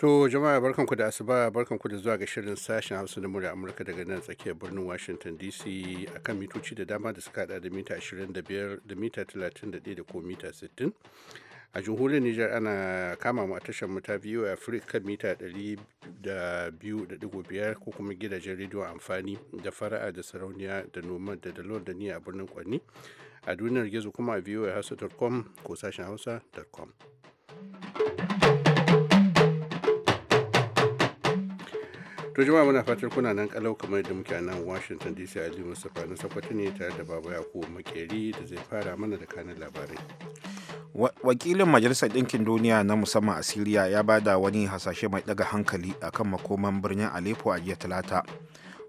To jama'a barkanku da asuba barkanku da zuwa ga shirin sashen Hausa da murya Amurka daga nan tsakiyar birnin Washington DC a kan mitoci da dama da suka hada da mita 25 da mita 31 da ko mita 60. A jihohin Nijar ana kama mu a tashar mu ta a Africa kan mita 200.5 ko kuma gidajen rediyo amfani da fara'a da sarauniya da noma da dalol da ni a birnin Kwanni. A duniyar gizo kuma a hausa.com ko sashen hausa.com. to jama'a muna fatar kuna nan kalau kamar da muke a nan washington dc ali mustapha na sakwato ne tare da baba yakubu makeri da zai fara mana da kanin labarai wakilin majalisar ɗinkin duniya na musamman a siriya ya bada wani hasashe mai ɗaga hankali a kan makoman birnin aleppo a jiya talata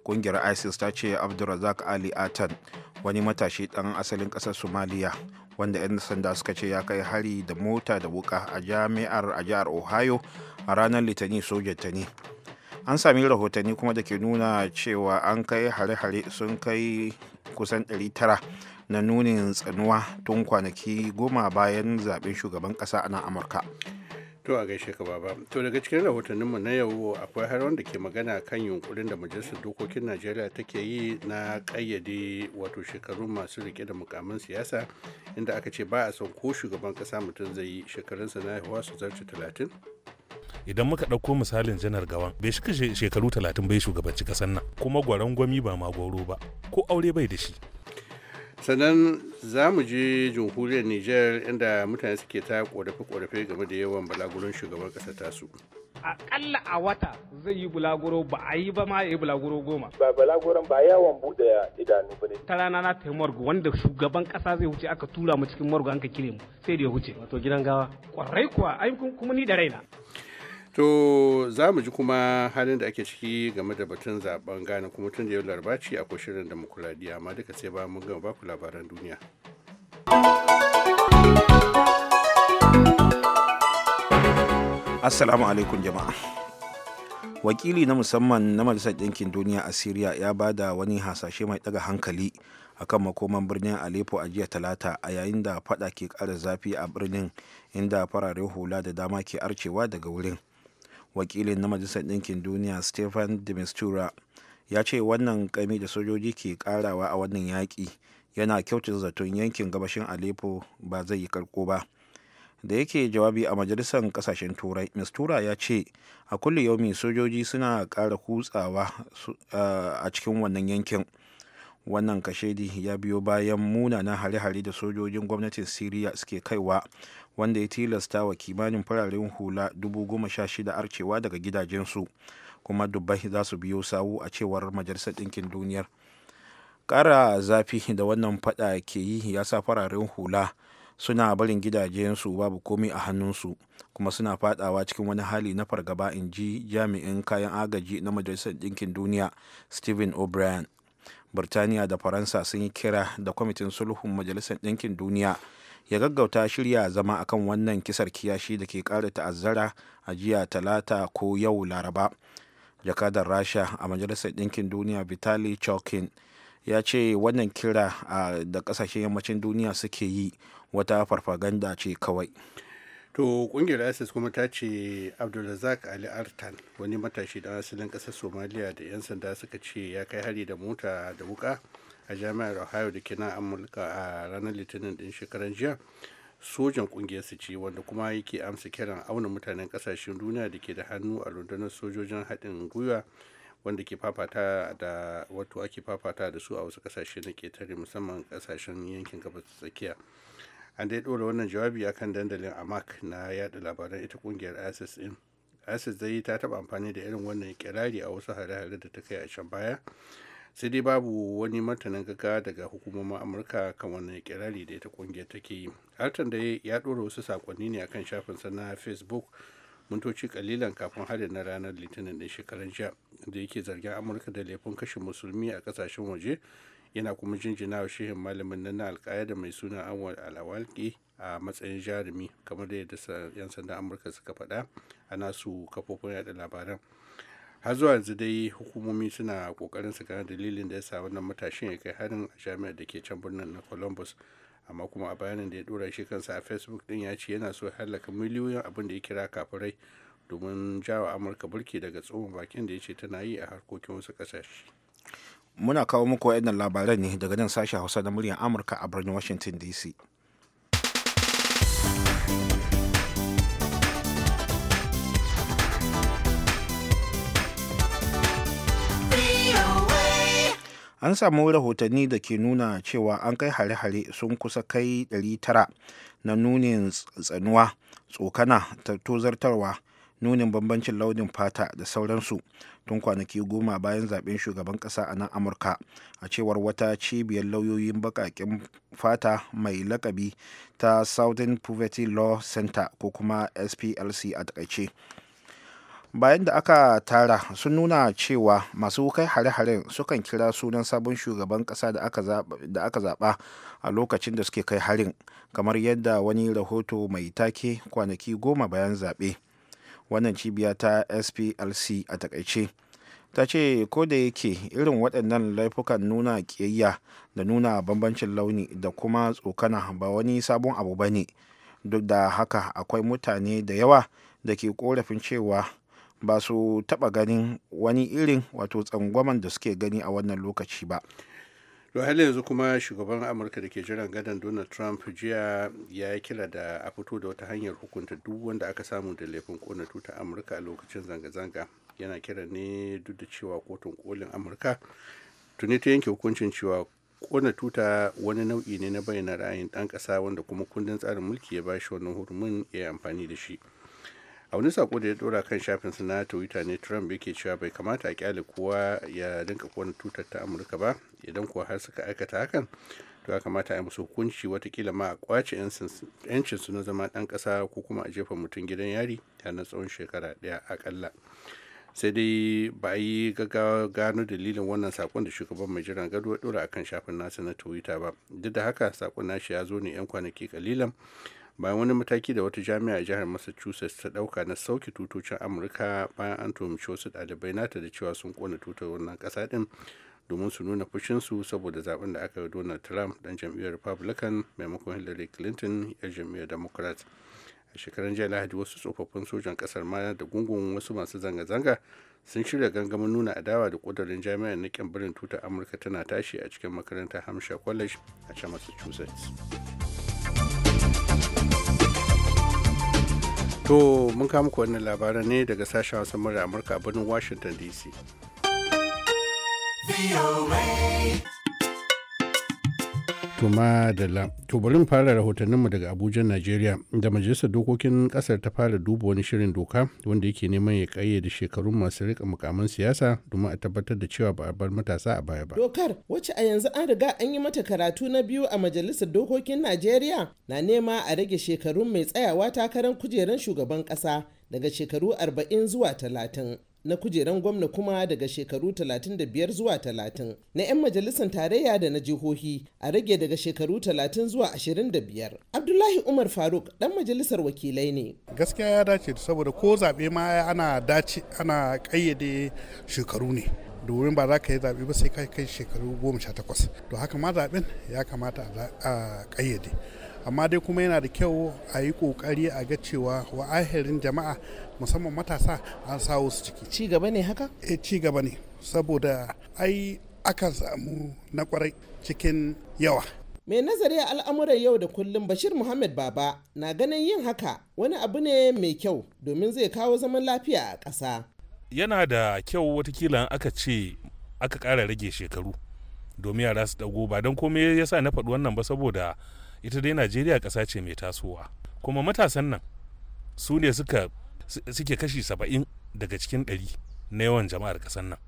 kungiyar isis ta ce abdulrazak ali atan wani matashi ɗan asalin ƙasar somaliya wanda 'yan sanda suka ce ya kai hari da mota da wuka a jami'ar a jihar ohio a ranar litani sojan ta ne an sami rahotanni kuma da ke nuna cewa an kai hare-hare sun kai kusan 900 na nunin tsanuwa tun kwanaki goma bayan zaben shugaban kasa a nan amurka to a gaishe ka baba to daga cikin rahotanninmu na yau akwai har wanda ke magana kan yunkurin da majalisar dokokin najeriya take yi na kayyade wato shekaru masu rike da mukamin siyasa inda aka ce ba a son ko shugaban kasa mutum zai yi shekarunsa na haihuwa su zarce talatin idan muka ɗauko misalin janar gawan bai shi shekaru talatin bai shugabanci kasan nan kuma gwaron gwami ba ma goro ba ko aure bai da shi sannan za mu je jamhuriyar niger inda mutane suke ta korafe-korafe game da yawan balagurin shugaban kasa tasu akalla a wata zai yi bulaguro ba a yi ba ma ya yi bulaguro goma ba bulaguron ba yawon bude idanu ba ne ta rana na ta morgu wanda shugaban kasa zai wuce aka tura mu cikin morgu an ka kire mu sai da ya wuce wato gidan gawa kwarai kuwa ai kuma ni da raina To za mu ji kuma halin da ake ciki game da batun zaben Ghana kuma tun da yau laraba ce akwai shirin mukuladiyya amma duka sai ba mun gama baku labaran duniya. Assalamu alaikum jama'a. Wakili na musamman na Majalisar Ɗinkin Duniya a syria ya ba da wani hasashe mai ɗaga hankali a kan makoman birnin Aleppo a jiya talata a yayin da fada ke ƙara zafi a birnin inda fararen hula da dama ke arcewa daga wurin. wakilin na majalisar ɗinkin duniya stephen de mistura ya ce wannan kami da sojoji ke karawa a wannan yaƙi yana kyautin zaton yankin gabashin aleppo ba zai yi karko ba da yake jawabi a majalisar kasashen turai mistura ya ce a kulle yaumi sojoji suna ƙara kutsawa a cikin wannan yankin wannan kashedi ya biyo bayan munanan hare-hare da sojojin gwamnatin siriya suke kaiwa wanda ya tilasta wa kimanin fararen hula 16,000 arcewa daga gidajensu kuma dubbai za su biyo sawu a cewar majalisar ɗinkin duniyar ƙara zafi da wannan fada ke yi ya sa fararen hula suna barin gidajensu babu komi a hannunsu kuma suna fadawa cikin wani hali na fargaba in ji jami'in kayan agaji na majalisar ɗinkin duniya steven o'brien birtaniya da faransa sun yi kira da kwamitin sulhun majalisar ɗinkin duniya ya gaggauta shirya zama akan wannan kisar kiyashi da ke ƙara ta'azzara a jiya talata ko yau laraba jakadar rasha a majalisar ɗinkin duniya vitali chokin ya ce wannan kira da ƙasashen yammacin duniya suke yi wata farfaganda ce kawai to kungiyar isis kuma ta ce abdulrazak ali artan wani matashi da asalin kasar somaliya da 'yan sanda suka ce ya kai hari da mota da wuka a jami'ar ohio da kina amurka a ranar litinin din shekaran jiya sojan kungiyar su ce wanda kuma yake amsa kiran auna mutanen kasashen duniya da ke da hannu a rundunar sojojin haɗin gwiwa wanda ke fafata da wato ake fafata da su a wasu kasashe na ketare musamman kasashen yankin gabas tsakiya an dai ɗora wannan jawabi a kan dandalin amak na yada labaran ita kungiyar isis din isis dai ta taba amfani da irin wannan kirari a wasu hare-hare da ta kai a can baya sai dai babu wani martanin gaga daga hukumomin amurka kan wannan kirari da ita kungiyar take yi hartan da ya ɗora wasu sakonni ne akan shafin na facebook mintoci kalilan kafin harin na ranar litinin din shekaran jiya da yake zargin amurka da laifin kashe musulmi a kasashen waje yana kuma jinjina wa shehin malamin nan na alka'ida mai suna anwar alawalki a matsayin jarumi kamar da yadda 'yan sandan amurka suka faɗa a nasu kafofin yaɗa labaran har zuwa yanzu dai hukumomi suna kokarin su gane dalilin da ya sa wannan matashin ya kai harin a jami'ar da ke can birnin na columbus amma kuma a bayanin da ya dora shi kansa a facebook din ya ce yana so hallaka miliyoyin abin da ya kira kafirai domin jawa amurka burki daga tsohon bakin da ya ce tana yi a harkokin wasu ƙasashe muna kawo muku waɗannan labaran ne daga nan sashi hausa na muryar amurka a birnin washington dc an samu rahotanni da ke nuna cewa an kai hare-hare sun kusa kai 900 na nunin tsanuwa tsokana ta tozartarwa nunin bambancin launin fata da sauransu tun kwanaki goma bayan zaben shugaban kasa a nan amurka a cewar wata cibiyar lauyoyin bakakin fata mai lakabi ta southern poverty law center ko kuma splc a takaice bayan da aka tara sun nuna cewa masu kai hare-haren sukan kira sunan sabon shugaban kasa da aka zaba a lokacin da suke kai harin kamar yadda wani rahoto mai take kwanaki goma bayan zaɓe. wannan cibiya ta splc a takaice ta ce ko da yake irin waɗannan laifukan nuna ƙiyayya da nuna bambancin launi da kuma tsokana ba wani sabon abu ba ne duk da haka akwai mutane da yawa da ke korafin cewa ba su taɓa ganin wani irin wato tsangwaman da suke gani a wannan lokaci ba to hali yanzu kuma shugaban amurka da ke jiran gadon donald trump jiya ya yi kira da a fito da wata hanyar hukunta duk wanda aka samu da laifin kona tuta amurka a lokacin zanga-zanga yana kira ne duk da cewa kotun kolin amurka tuni ta yanke hukuncin cewa kona tuta wani nau'i ne na bayyana ra'ayin ɗan ƙasa wanda kuma kundin tsarin mulki ya ba shi wannan hurumin ya amfani da shi a wani sako da ya dora kan shafin na twitter ne trump yake cewa bai kamata a kyale kowa ya dinka kowane tutar ta amurka ba idan kuwa har suka aikata hakan to ya kamata a musu hukunci watakila ma a kwace yancin su na zama dan kasa ko kuma a jefa mutum gidan yari ya na tsawon shekara daya akalla sai dai ba a yi gaggawa gano dalilin wannan sakon da shugaban mai jiran gado ya dora akan shafin nasa na twitter ba duk da haka sakon nashi ya zo ne yan kwanaki kalilan bayan wani mataki da wata jami'a a jihar massachusetts ta dauka na sauke tutocin amurka bayan an tuhumci wasu ɗalibai nata da cewa sun kona tutar wannan kasa din domin su nuna fushinsu saboda zaben da aka yi donald trump dan jam'iyyar republican maimakon hillary clinton yar jam'iyyar democrat a shekaran jiya lahadi wasu tsofaffin sojan kasar ma da gungun wasu masu zanga-zanga sun shirya gangamin nuna adawa da kudurin jami'ar na birnin tutar amurka tana tashi a cikin makarantar hampshire college a can massachusetts To mun kawo muku wannan labaran ne daga sashen Hausa murar Amurka a birnin Washington DC. Tuma Dalla. To bari mu fara rahotanninmu daga Abuja, Najeriya, da Majalisar Dokokin Kasar ta fara duba wani shirin doka wanda yake neman ya kayyade shekarun masu rika mukaman siyasa domin a tabbatar da cewa ba a bar matasa a baya ba. Dokar wacce a yanzu an riga an yi mata karatu na biyu a Majalisar Dokokin Najeriya na nema a rage shekarun mai tsayawa takarar kujerar shugaban kasa daga shekaru arba'in zuwa talatin. na kujeran gwamna kuma daga shekaru 35 zuwa 30 na 'yan majalisar tarayya da na jihohi a rage daga shekaru 30 zuwa 25 abdullahi umar faruk dan majalisar wakilai ne gaskiya ya dace saboda ko zaɓe ma ana dace ana ƙayyade shekaru ne domin ba za ka yi zaɓe ba sai kai shekaru 18 to haka ma zaɓen ya kamata a ƙayyade amma dai kuma yana da kyau a yi kokari a ga cewa wa'ahirin jama'a musamman matasa an sawo su ciki ci gaba ne haka e ci gaba ne saboda ai akan samu na kwarai cikin yawa mai nazari a al'amuran yau da kullum bashir muhammad baba na ganin yin haka wani abu ne mai kyau domin zai kawo zaman lafiya a ƙasa yana da kyau watakila aka ce aka ƙara rage shekaru domin yara su dago ba don komai yasa na faɗi wannan ba saboda ita dai najeriya ƙasa ce mai tasowa kuma matasan nan su ne suka suke kashi saba'in daga cikin ɗari na yawan jama'ar ƙasar nan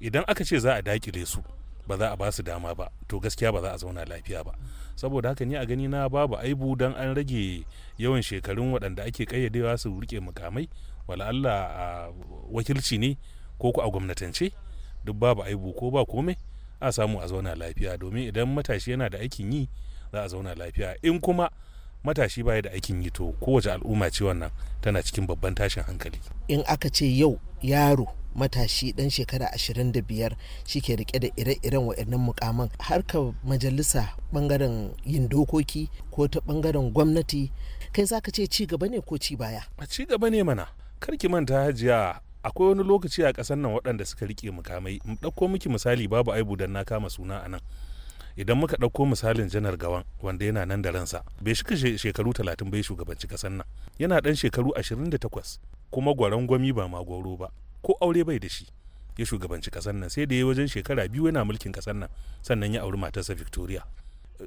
idan aka ce za a dakile su ba za a ba su dama ba to gaskiya ba za a zauna lafiya ba saboda haka ni a gani na babu aibu don an rage yawan shekarun waɗanda ake ƙayyadewa su rike mukamai wala Allah a wakilci ne ko ku a gwamnatance duk babu aibu ko ba komai a samu a zauna lafiya domin idan matashi yana da aikin yi za a zauna lafiya in kuma matashi baya da aikin yi to kowace al'umma ce wannan tana cikin babban tashin hankali in aka ce yau yaro matashi dan shekara 25 shike rike da ire-iren waɗannan mukaman ka majalisa bangaren yin dokoki ko ta bangaren gwamnati kai zaka ce ci gaba ne ko ci baya a ci gaba ne mana karki manta hajiya akwai wani lokaci a ƙasar nan waɗanda suka rike mukamai ɗauko miki misali babu aibu dan na kama suna a nan idan muka ɗauko misalin janar gawan wanda yana nan da ransa bai shi shekaru talatin bai shugabanci ƙasar nan yana ɗan shekaru ashirin da takwas kuma gwaron gwami ba ma goro ba ko aure bai da shi ya shugabanci ƙasar nan sai da ya wajen shekara biyu yana mulkin kasan nan sannan ya auri matarsa victoria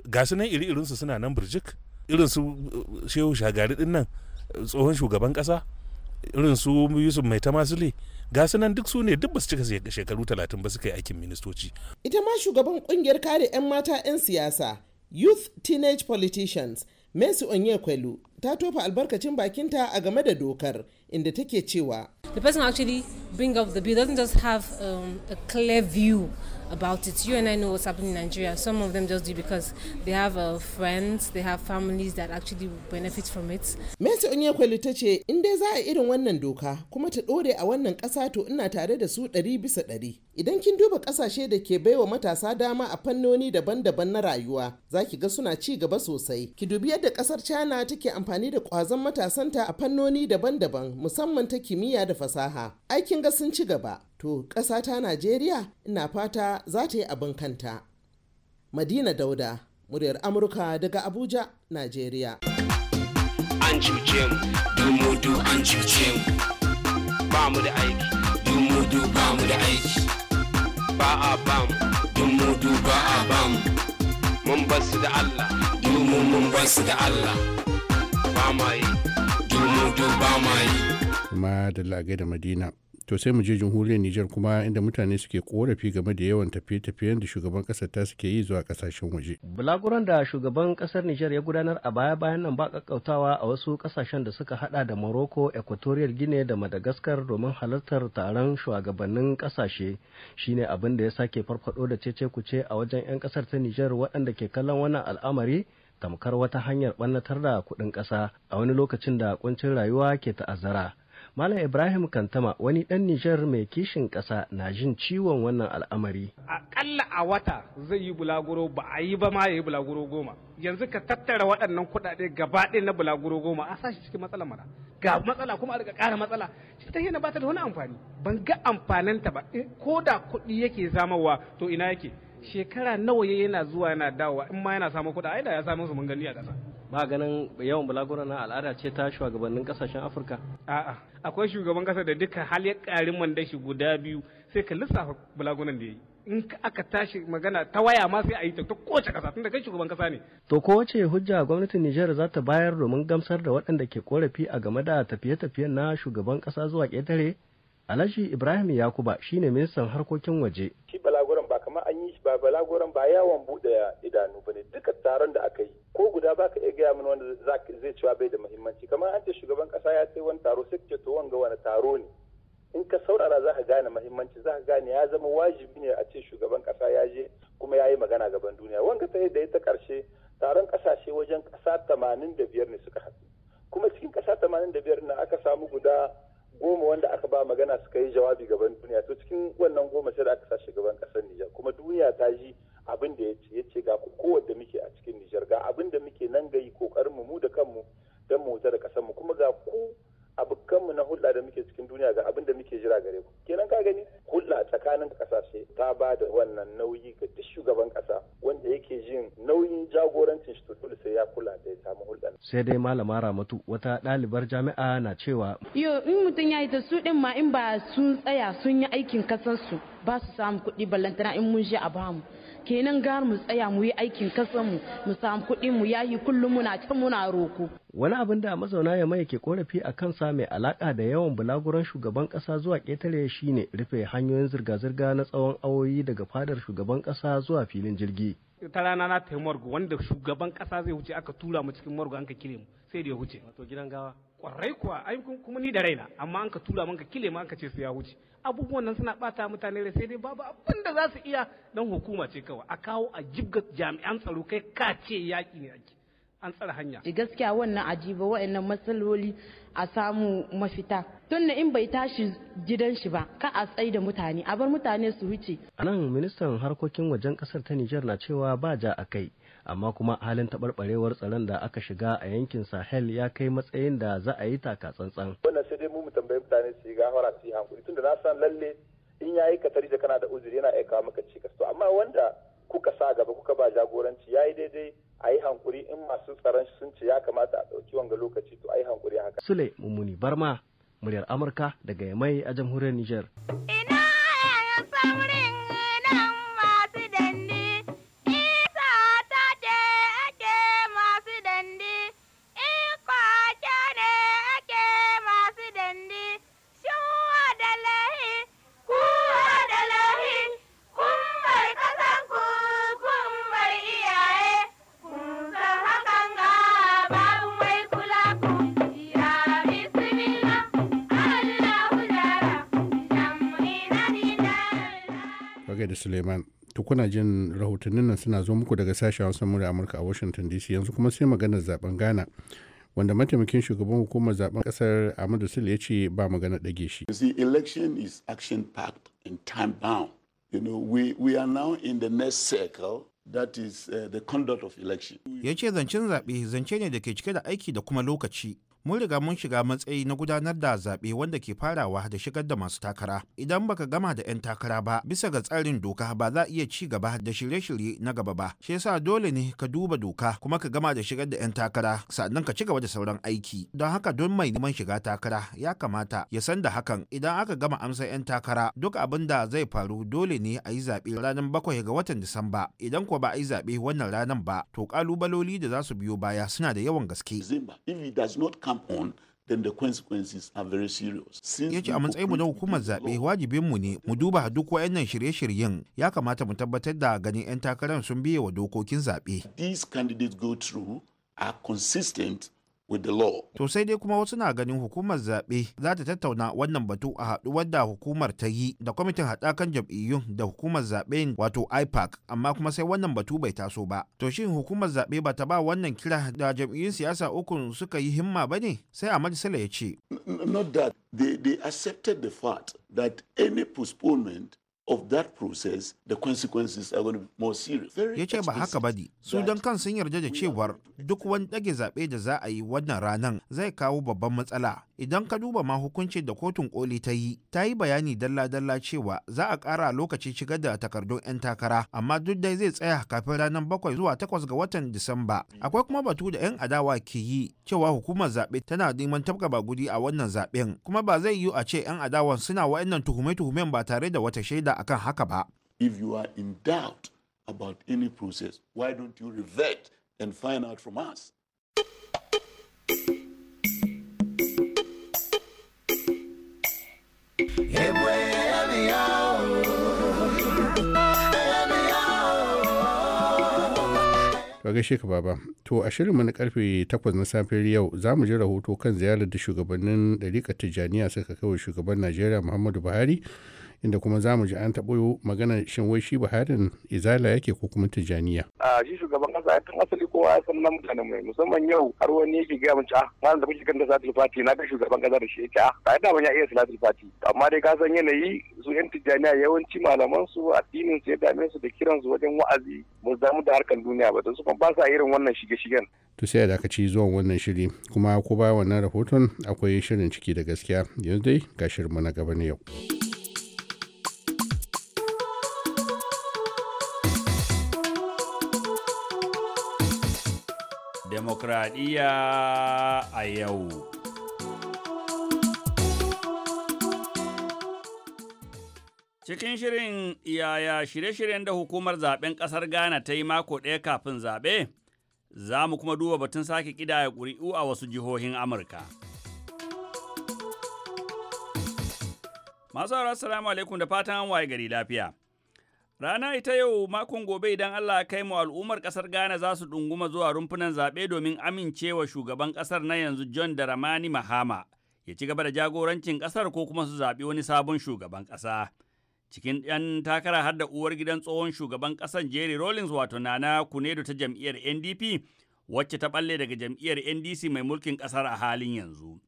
ga su nan iri irinsu suna nan birjik irin su uh, shehu shagari din nan uh, tsohon shugaban kasa. irin su yusuf mai tamasile ga nan duk su ne duk ba su cika shekaru talatin ba suka yi aikin ministoci. ita ma shugaban kungiyar kare 'yan mata 'yan siyasa youth teenage politicians Messi Onyekwelu ta tofa albarkacin bakinta a game da dokar inda take cewa. The person actually bring up the bill doesn't just have um, a clear view about it. You and I know what's happening in Nigeria. Some of them just do because they have uh, friends, they have families that actually benefit from it. Mesa Onyekwelu ta ce in dai za a irin wannan doka kuma ta dore a wannan ƙasa to ina tare da su ɗari bisa ɗari. Idan kin duba ƙasashe da ke baiwa matasa dama a fannoni daban-daban na rayuwa za ki ga suna ci gaba sosai. Ki dubi yadda ƙasar China take amfani da ƙwazon matasanta a fannoni daban-daban musamman ta kimiyya da fasaha. Aikin ga sun ci gaba. to ƙasa ta najeriya ina fata za ta yi abin kanta madina dauda muryar amurka daga abuja najeriya an cuce mu du an cuce mu ba mu da aiki du ba mu da aiki ba a ba mu du ba a ba mu mun basu da allah dumu mun basu da allah ba ma yi du ba ma yi kuma da lagai da madina to sai mu je jamhuriyar Nijar kuma inda mutane suke korafi game da yawan tafiye-tafiyen da shugaban kasar ta suke yi zuwa kasashen waje. Bulaguran da shugaban kasar Nijar ya gudanar a baya-bayan nan ba kakkautawa a wasu kasashen da suka hada da Morocco, Equatorial Guinea da Madagascar domin halartar taron shugabannin kasashe shine abin da ya sake farfado da cece kuce a wajen 'yan kasar ta Nijar waɗanda ke kallon wannan al'amari tamkar wata hanyar ɓannatar da kuɗin ƙasa a wani lokacin da kuncin rayuwa ke ta'azzara. Malam Ibrahim Kantama wani ɗan Nijar mai kishin ƙasa na jin ciwon wannan al'amari. Aƙalla a wata zai yi bulaguro ba a yi ba ma ya yi bulaguro goma. Yanzu ka tattara waɗannan kuɗaɗe gaba ɗaya na bulaguro goma a sashi cikin matsala mara. Ga matsala kuma a riga ƙara matsala. Shi ta hina ba ta da wani amfani. Ban ga amfaninta ba eh, ko da kuɗi yake zamawa to ina yake. shekara nawa yayi yana zuwa yana dawowa in ma yana samu kuɗa ai ya samu su mun gani a ƙasa ba ganin yawan bulaguro na al'ada ce ta shugabannin kasashen afirka a'a akwai shugaban kasa da duka hal ya ƙari man dashi guda biyu sai ka lissafa bulagunan da yayi in aka tashi magana ta waya ma sai a yi ta kowace kasa tunda kai shugaban kasa ne. To ko wace hujja gwamnatin Nijar za ta bayar domin gamsar da waɗanda ke korafi a game da tafiye-tafiyen na shugaban kasa zuwa ƙetare? Alhaji Ibrahim Yakuba shine ministan harkokin waje. yi shi ba balagoran ba yawon buɗe idanu ba ne duka taron da aka yi ko guda ba ka iya gaya mini wanda zai cewa bai da muhimmanci kamar an ce shugaban kasa ya ce wani taro sai ce to wanga wani taro ne in ka saurara za ka gane muhimmanci za ka gane ya zama wajibi ne a ce shugaban kasa ya je kuma ya yi magana gaban duniya wanga ta da ya ta karshe taron kasashe wajen kasa tamanin da biyar ne suka haɗu kuma cikin kasa tamanin da biyar na aka samu guda goma wanda aka ba magana suka yi jawabi gaban duniya to cikin wannan goma sai da aka sa gaban kasar Nijar kuma duniya ta ji abin da ya ce ga kowanne muke a cikin Nijar ga abin da muke nan ga yi kokarin mu mu da kanmu don mu wuce da kasar mu kuma ga ku abu kanmu na hulɗa da muke cikin duniya ga abin da muke jira gare ku kenan ka gani hulɗa tsakanin ƙasashe ta ba da wannan nauyi ga duk shugaban ƙasa wanda yake jin nauyin jagorancin shi tutul sai ya kula da ya samu hulɗa sai dai malama ramatu wata ɗalibar jami'a na cewa yo in mutum ya yi ta su ɗin ma in ba sun tsaya sun yi aikin kasansu ba su samu kuɗi ballantana in mun je a bamu kenan gar mu tsaya mu yi aikin kasan mu mu samu kuɗi mu yahi kullum muna cin muna roko wani abin da mazauna ya mai ke korafi a kansa mai alaka da yawan bulaguran shugaban kasa zuwa ketare shine rufe hanyoyin zirga-zirga na tsawon awoyi daga fadar shugaban kasa zuwa filin jirgi ta rana na taimorgo wanda shugaban kasa zai wuce aka tura mu cikin morgo an ka kire mu sai da ya wuce wato gidan gawa kwarai kuwa ai kuma ni da raina amma an ka tura man ka kile ma ka ce su ya huce abubuwan nan suna bata mutane da sai dai babu abin da za su iya dan hukuma ce kawai a kawo a jibga jami'an tsaro kai ka ce yaki ne ake an tsara hanya eh, gaskiya wannan ajiba wa'annan matsaloli a samu mafita tun in bai tashi gidan shi ba ka a tsai da mutane a bar mutane su huce anan ministan harkokin wajen kasar ta Nijar na cewa ba ja a kai amma kuma halin taɓarɓarewar tsaron da aka shiga a yankin sahel ya kai matsayin da za a yi taka tsantsan wannan sai dai mu tambayi mutane su yi gahara su yi hankuri tunda na san lalle in ya yi katari da kana da uzuri yana aika maka cikas to amma wanda kuka sa gaba kuka ba jagoranci ya yi daidai a yi hankuri in masu tsaron sun ce ya kamata a ɗauki wanga lokaci to a yi hankuri haka sule mummuni barma muryar amurka daga yamai a jamhuriyar niger da Suleiman. Tukuna jin rahotannin nan suna zo muku daga sashen Hausa murya Amurka a Washington DC yanzu kuma sai maganar zaben Ghana. Wanda mataimakin shugaban hukumar zaben kasar Ahmadu Sule ya ce ba magana dage shi. The election is action packed and time bound. You know, we, we are now in the next circle that is uh, the conduct of election. Ya ce zancen zaɓe zance ne da ke cike da aiki da kuma lokaci. mun riga mun shiga matsayi na gudanar da zaɓe wanda ke farawa da shigar da masu takara idan baka gama da 'yan takara ba bisa ga tsarin doka ba za a iya ci gaba da shirye-shirye na gaba ba shi yasa dole ne ka duba doka kuma ka gama da shigar da 'yan takara sannan ka ci gaba da sauran aiki don haka don mai neman shiga takara ya kamata ya san da hakan idan aka gama amsa 'yan takara duk abin da zai faru dole ne a yi zaɓe ranar bakwai ga watan disamba idan kuwa ba a yi zaɓe wannan ranar ba to ƙalubaloli da za su biyo baya suna da yawan gaske. come on then the consequences are very serious. Ya ce a matsayinmu na hukumar zaɓe wajibinmu ne mu duba duk wayannan shirye-shiryen ya kamata mu tabbatar da ganin 'yan takarar sun biye wa dokokin zaɓe. These candidates go through are consistent with the law. To sai dai kuma wasu na ganin hukumar zaɓe za ta tattauna wannan batu a haɗuwar da hukumar ta yi da kwamitin haɗakan jam'iyyun da hukumar zaɓe wato IPAC amma kuma sai wannan batu bai taso ba. To shin hukumar zaɓe ba ta ba wannan kira da jam'iyyun siyasa uku suka yi himma ba ne? Sai a majalisar ya ce. Not that they, they accepted the fact that any postponement of that process the consequences are going to be more serious. Ya ce ba haka bane su dan kan sun yarda da cewar duk wani ɗage zaɓe da za a yi wannan ranar zai kawo babban matsala idan ka duba ma hukuncin da kotun koli ta yi ta yi bayani dalla-dalla cewa za a kara lokaci shigar da takardun 'yan takara amma duk dai zai tsaya kafin ranar bakwai zuwa takwas ga watan disamba akwai kuma batu da 'yan adawa ke yi cewa hukumar zaɓe tana neman tabka bagudi a wannan zaɓen kuma ba zai yiwu a ce 'yan adawan suna wa'annan tuhume-tuhumen ba tare da wata shaida akan haka ba. If you are in doubt about any process, why don't you revert and find out from us? gaishe ka baba to a shirinmu na karfe 8 na safiyar yau za mu ji rahoto kan ziyarar da shugabannin dariƙar tijjaniya suka kawo shugaban najeriya muhammadu buhari inda kuma za mu ji an taɓo magana shin wai shi buharin izala yake ko kuma tijaniya. a shi shugaban kasa ya tun asali kowa ya san nan mutane mai musamman yau har wani yake gaya mun ca ah, malam da muke da salatul fati na ga shugaban kasa da shi yake a ah, ta da ban ya iya salatul fati amma dai ka san yanayi su yan tijaniya yawanci malaman su addinin su ya dame su da kiran su wajen wa'azi mu zamu da harkar duniya ba don su ba sa irin wannan shige-shigen. to sai da ci zuwan wannan shiri kuma ko ba wannan rahoton akwai shirin ciki da gaskiya yanzu dai ga mu na gaba na yau. demokradiyya a yau. Cikin shirin yaya shirye-shiryen da hukumar zaben ƙasar Ghana ta yi mako ɗaya kafin zaɓe, za mu kuma duba batun sake ƙidaya ƙuri'u a wasu jihohin Amurka. Masu salamu alaikum da fatan waye gari lafiya. Rana ita yau makon gobe idan Allah kai mu al'ummar ƙasar Ghana za su ɗunguma zuwa rumfunan zaɓe domin amincewa shugaban ƙasar na yanzu John Dramani Mahama ya ci gaba da jagorancin ƙasar ko kuma su zaɓi wani sabon shugaban ƙasa. Cikin 'yan takara har da uwar gidan tsohon shugaban ƙasar Jerry Rawlings wato Nana Kunedo ta jam'iyyar NDP wacce ta ɓalle daga jam'iyyar NDC mai mulkin ƙasar a halin yanzu.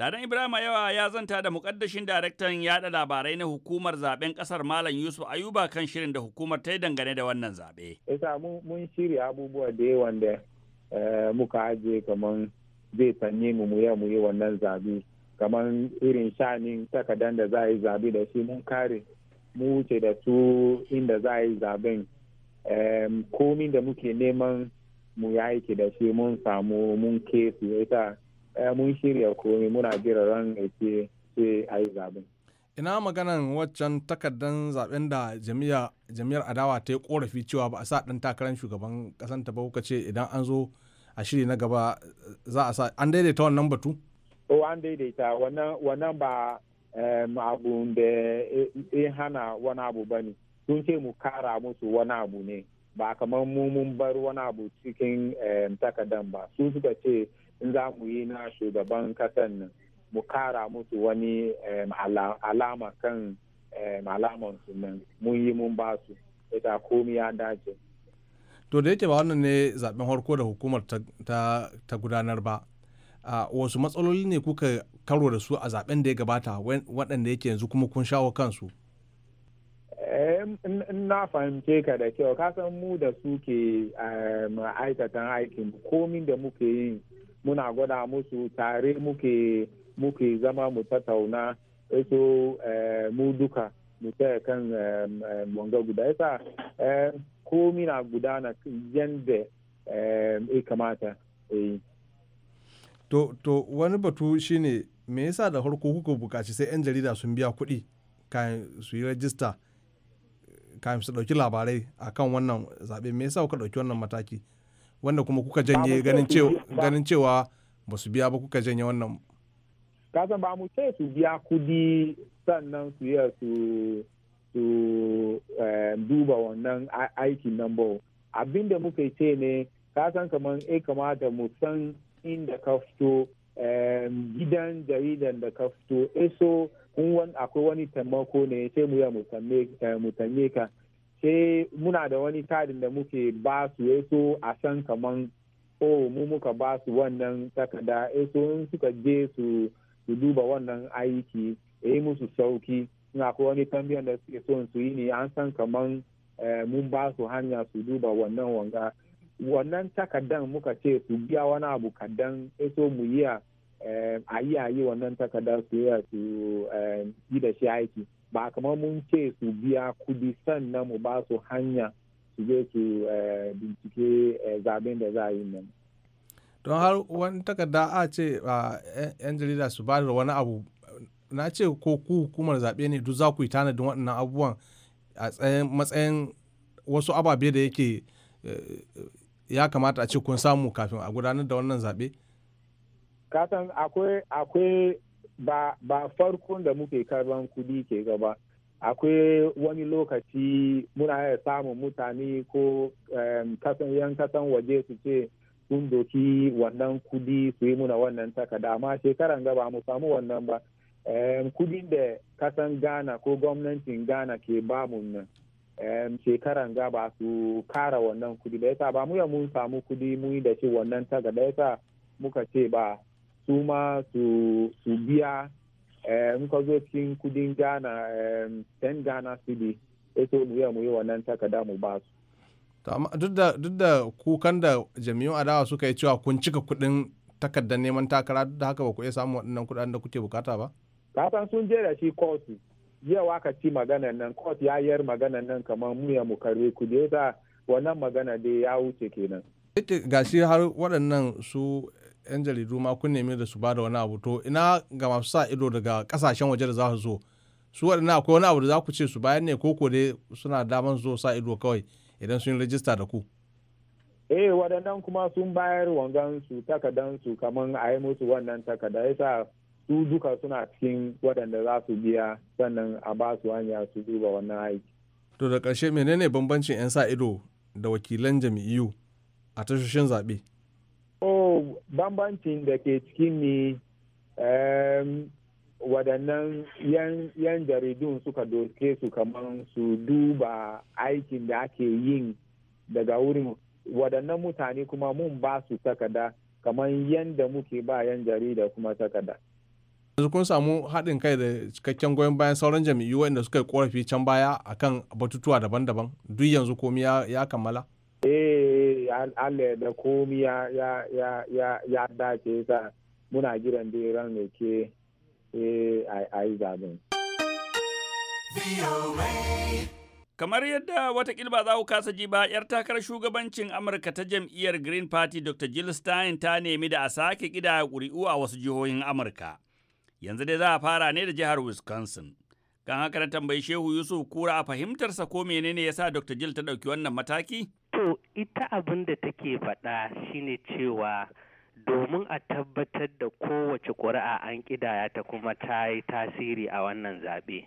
Ladan Ibrahim Yawa ya zanta da mukaddashin daraktan yada labarai na hukumar zaben kasar Malam Yusuf Ayuba kan shirin da hukumar ta yi dangane da wannan zabe Isa mun shirya abubuwa da yawa da eh, muka ajiye kamar zai sanye mu mu mu yi wannan zabe kamar irin shanin takadan da za a yi zabe da shi mun kare mu wuce da su inda za a yi zaben komi da muke neman mu ya ke da shi mun samu mun kesu ita mun shirya komai muna jira ran ne ke ce a yi zaben. Ina maganan waccan takardar zaben da jami'ar adawa ta yi korafi cewa ba a sa ɗan takarar shugaban ƙasar ta ba kuka ce idan an zo a shiri na gaba za a sa an daidaita wannan batu? O an daidaita wannan ba abu da ya hana wani abu ba ne. Sun ce mu kara musu wani abu ne ba kamar mu mun bar wani abu cikin takardar ba. Su suka ce in za mu yi na shugaban kasan nan mu kara musu wani alama kan alaman su nan mun yi mun ba su ita komi ya dace to da yake ba wannan ne zaben harko da hukumar ta gudanar ba wasu matsaloli ne kuka karo da su a zaben da ya gabata waɗanda yake yanzu kuma kun shawo kansu na fahimce ka da kyau kasan mu da su ke ma'aikatan aikin komin da muke yin muna gwada musu tare muke muke zama mu tattauna so eh, mu duka mu taya kan eh, eh, wanga guda yasa guda na gudana yadda ya kamata to to wani batu shine me yasa da farko kuka bukaci sai 'yan jarida sun biya kuɗi kayan su yi rajista kafin su ɗauki labarai akan wannan zaɓe me yasa kuka ɗauki wannan mataki wanda kuma kuka janye ganin cewa ba su biya ba kuka janye wannan kasan ba mu ce su biya kudi sannan su yi su eh, duba wannan aikin nan ba abin da muka ce ne kasan kamar e kamata mu san inda ka fito eh, gidan jaridan da ka fito eso akwai wani taimako ne sai mu ya mutane eh, ka sai muna da wani kadin da muke ba su so a san kaman o mu muka ba su wannan takarda so in suka je su duba wannan aiki ya yi musu sauki suna ko wani tambayan da suke so su yi ne an san kaman eh, mun ba su hanya su duba wannan wanga wannan takardan muka ce su biya wani abu kadan so mu yi a eh, yi wannan takardar su eh, yi da shi aiki ba kamar mun ce su biya kudi sannan mu ba su hanya su je su eh, bincike eh, zaben da za a yi nan don har wani takarda a ce yan jarida su ba da wani abu na ce ko ku hukumar zaɓe ne duk za ku yi tanadin waɗannan abubuwan a matsayin wasu ababe da yake eh, ya kamata a ce kun samu kafin a gudanar da wannan zaɓe? kasan akwai ba ba farkon da muke karban kudi ke gaba akwai wani lokaci muna iya samun mutane ko kasan yan kasan waje su ce sun doki wannan kudi su yi muna wannan takarda amma shekaran gaba mu samu wannan ba kudin da kasan ghana ko gwamnatin ghana ke bamu nan shekaran gaba su kara wannan kudi da yasa ba mu mun samu kudi mu yi da shi wannan takarda yasa muka ce ba su ma su biya eh, in cikin kudin gana 10 eh, gana cedi sai eh, su mu yi wannan takarda mu ba su duk da kukan da jami'un adawa suka yi cewa kun cika kudin takardar neman takara da haka ba ku iya samun waɗannan kudaden da kuke bukata ba kasan sun je da shi kotu jiya waka ci maganan nan kotu ya yar maganan nan kamar mu mu karbe ku da wannan magana dai ya wuce kenan ita gashi har waɗannan su 'yan jaridu ma kun nemi da su ba da wani abu to ina ga masu sa ido daga kasashen waje da za su zo su waɗannan akwai wani abu da za ku ce su bayan ne koko dai suna daman zo sa ido kawai idan sun rajista da ku eh waɗannan kuma sun bayar wangan su takadan su kamar a yi musu wannan takada yasa su duka suna cikin waɗanda za su biya sannan a ba su hanya su duba wannan aiki to da ƙarshe menene bambancin 'yan sa ido da wakilan jami'u a tashoshin zaɓe? Oh, bambancin da ke cikin ne um, waɗannan yan jaridun suka doke su kamar su duba aikin da ake yin daga wurin waɗannan mutane kuma mun ba su takada kamar yadda muke ba yan jarida kuma takada. yanzu kun samu haɗin kai da cikakken goyon bayan sauran jami'u waɗanda suka yi korafi can baya akan batutuwa daban-daban duk yanzu komi ya kammala? eh Allah da komi ya ya dace sa muna giran da ran ne ke eh, a yi zaben. Kamar yadda wata ba za ku kasa ji ba, ‘yar takarar shugabancin Amurka ta jam'iyyar Green Party Dr. Jill Stein ta nemi da a sake ƙida ƙuri'u a wasu jihohin Amurka. Yanzu dai za a fara ne da jihar Wisconsin. Kan haka na tambayi Shehu Yusuf Kura a fahimtarsa ko menene ya sa Dr. Jill ta ɗauki wannan mataki? ita abin da take faɗa shine cewa domin a tabbatar da kowace ƙuri'a an ƙidaya ta kuma ta yi tasiri a wannan zaɓe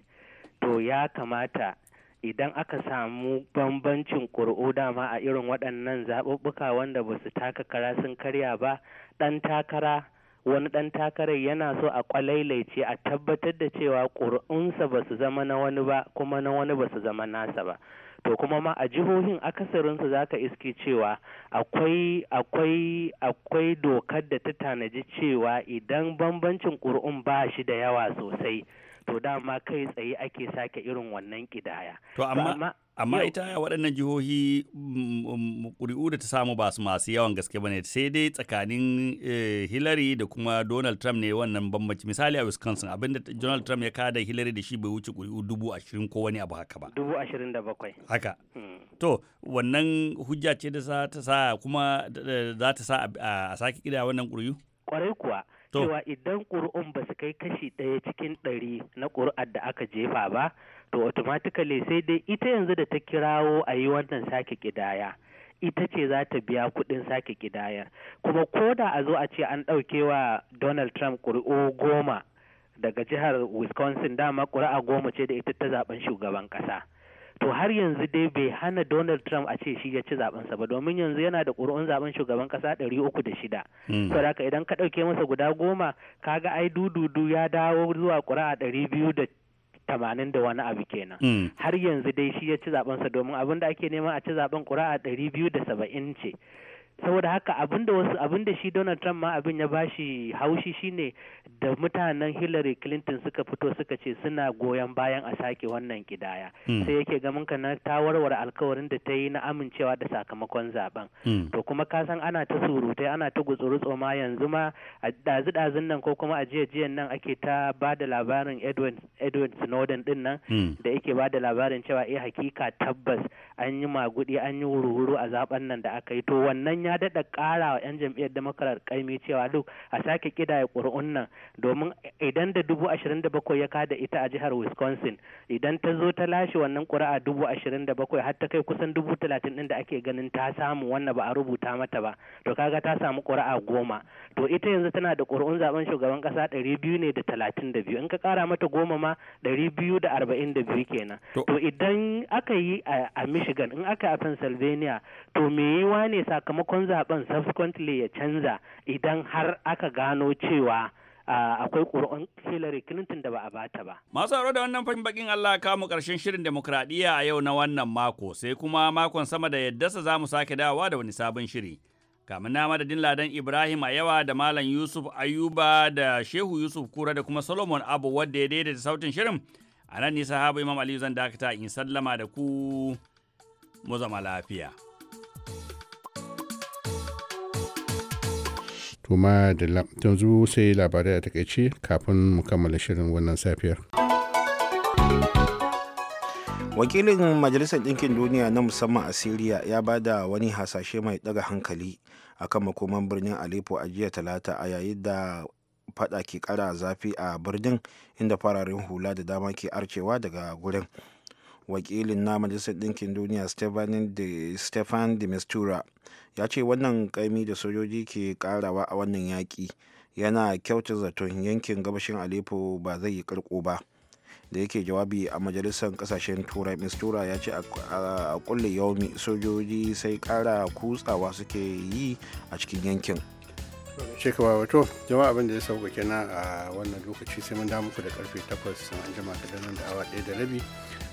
to ya kamata idan aka samu bambancin ƙuri'u dama a irin waɗannan zaɓuɓɓuka wanda ba su taka kara sun karya ba ɗan takara wani ɗan takarar yana so a kwalailaice a tabbatar da cewa ƙuri'unsa ba su zama na wani ba kuma na wani ba su zama nasa ba to kuma ma a jihohin akasarinsu za ka iske cewa akwai akwai akwai dokar da ta tanaji cewa idan bambancin ƙuri'un ba shi da yawa sosai to dama kai tsaye ake sake irin wannan ƙidaya. To amma amma ita waɗannan jihohi mm, mm, ƙuri'u da ta samu ba su masu yawan gaske ba ne sai dai tsakanin eh, hillary da kuma donald trump ne wannan bambanci misali a wisconsin abinda donald trump ya kada hillary da shi bai wuce ƙuri'u dubu ashirin ko wani abu haka ba dubu ashirin da bakwai haka hmm. to wannan hujja ce da za ta sa kuma za ta sa a sake ƙida wannan ƙuri'u ƙwarai kuwa cewa idan ƙuri'un ba su kai kashi ɗaya cikin ɗari na ƙuri'ar da aka jefa ba to automatically sai dai ita yanzu da ta kirawo a yi wannan sake kidaya ita ce za ta biya kuɗin sake kidayar kuma ko da a zo a ce an ɗauke wa donald trump kuri'o goma daga jihar wisconsin dama ƙuri'a goma ce da ita ta zaben shugaban ƙasa to har yanzu dai bai hana Donald Trump a ce shi ya ci sa ba domin yanzu yana da ƙuri'un zaben shugaban ƙasa ɗari uku da shida. Mm. Saboda idan ka ɗauke masa guda goma kaga ai dududu ya dawo zuwa ƙuri'a ɗari biyu da tamanin da wani abu kenan mm. har yanzu dai shi ya ci zabensa domin abin da ake neman a ci zaben a ɗari biyu da saba'in ce saboda haka abinda wasu abinda shi Donald Trump ma abin ya bashi haushi shine da mutanen Hillary Clinton suka fito suka ce suna goyon bayan a sake wannan kidaya hmm. sai yake gamin ka na ta warware alkawarin da ta yi na amincewa da sakamakon zaben hmm. to kuma ka san ana ta surutai ana ta gutsuru ma yanzu ma a dazu dazun nan ko kuma a jiya jiyan nan ake ta ba da labarin Edward Edward Snowden din nan hmm. da yake ba da labarin cewa eh hakika tabbas an yi magudi an yi wuru a zaben nan da aka yi to wannan ya daɗa ƙara wa 'yan jam'iyyar democrat ƙaimi cewa duk a sake kidaya ƙuri'un nan domin idan da dubu ashirin da bakwai ya kada ita a jihar wisconsin idan ta zo ta lashe wannan ƙuri'a dubu ashirin da bakwai har ta kai kusan dubu talatin ɗin da ake ganin ta samu wannan ba a rubuta mata ba to kaga ta samu ƙuri'a goma to ita yanzu tana da ƙuri'un zaben shugaban ƙasa ɗari biyu ne da talatin da biyu in ka ƙara mata goma ma ɗari biyu da arba'in da biyu kenan to idan aka yi a michigan in aka yi a pennsylvania to me yiwa ne sakamakon sakamakon zaben subsequently ya canza idan har aka gano cewa akwai ƙuri'un Hillary Clinton da ba a bata ba. Masu haro da wannan fahim bakin Allah kamu karshen shirin demokradiyya a yau na wannan mako sai kuma makon sama da yaddasa za mu sake dawowa da wani sabon shiri. Kamun na madadin Ladan Ibrahim a yawa da Malam Yusuf Ayuba da Shehu Yusuf Kura da kuma Solomon Abu wadda ya daidaita sautin shirin. A nan nisa habu Imam Aliyu zan dakata in sallama da ku mu zama lafiya. kuma da yanzu sai labarai a takaice kafin mu kammala shirin wannan safiyar. Wakilin Majalisar Ɗinkin Duniya na musamman a Siriya ya ba da wani hasashe mai ɗaga hankali a kan makoman birnin Aleppo a jiya talata a yayin da fada ke kara zafi a birnin inda fararen hula da dama ke arcewa daga gurin. wakilin na majalisar ɗinkin duniya stefan de mistura ya ce wannan kaimi da sojoji ke karawa a wannan yaƙi yana kyauta zaton yankin gabashin aleppo ba zai yi karko ba da yake jawabi a majalisar kasashen turai mistura ya ce a kulle yaumi sojoji sai kara kutsawa suke yi a cikin yankin ce ba wato jama'a abin da ya sauka kenan a wannan lokaci sai mun damu ku da karfe 8 an jima kaɗan da awa ɗaya da rabi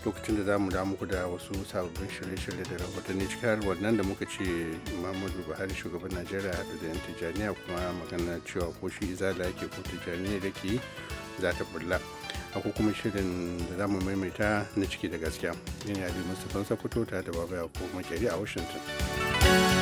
lokacin da za mu damu ku da wasu sababbin shirye-shirye da rahotanni cikin wannan da muka ce muhammadu buhari shugaban najeriya haɗu da yan tijjaniya kuma magana cewa ko shi izala yake ko tijjaniya da ke za ta bulla akwai kuma shirin da za mu maimaita na ciki da gaskiya yin yabi mustapha sakuto ta da baba ya ko makeri a washington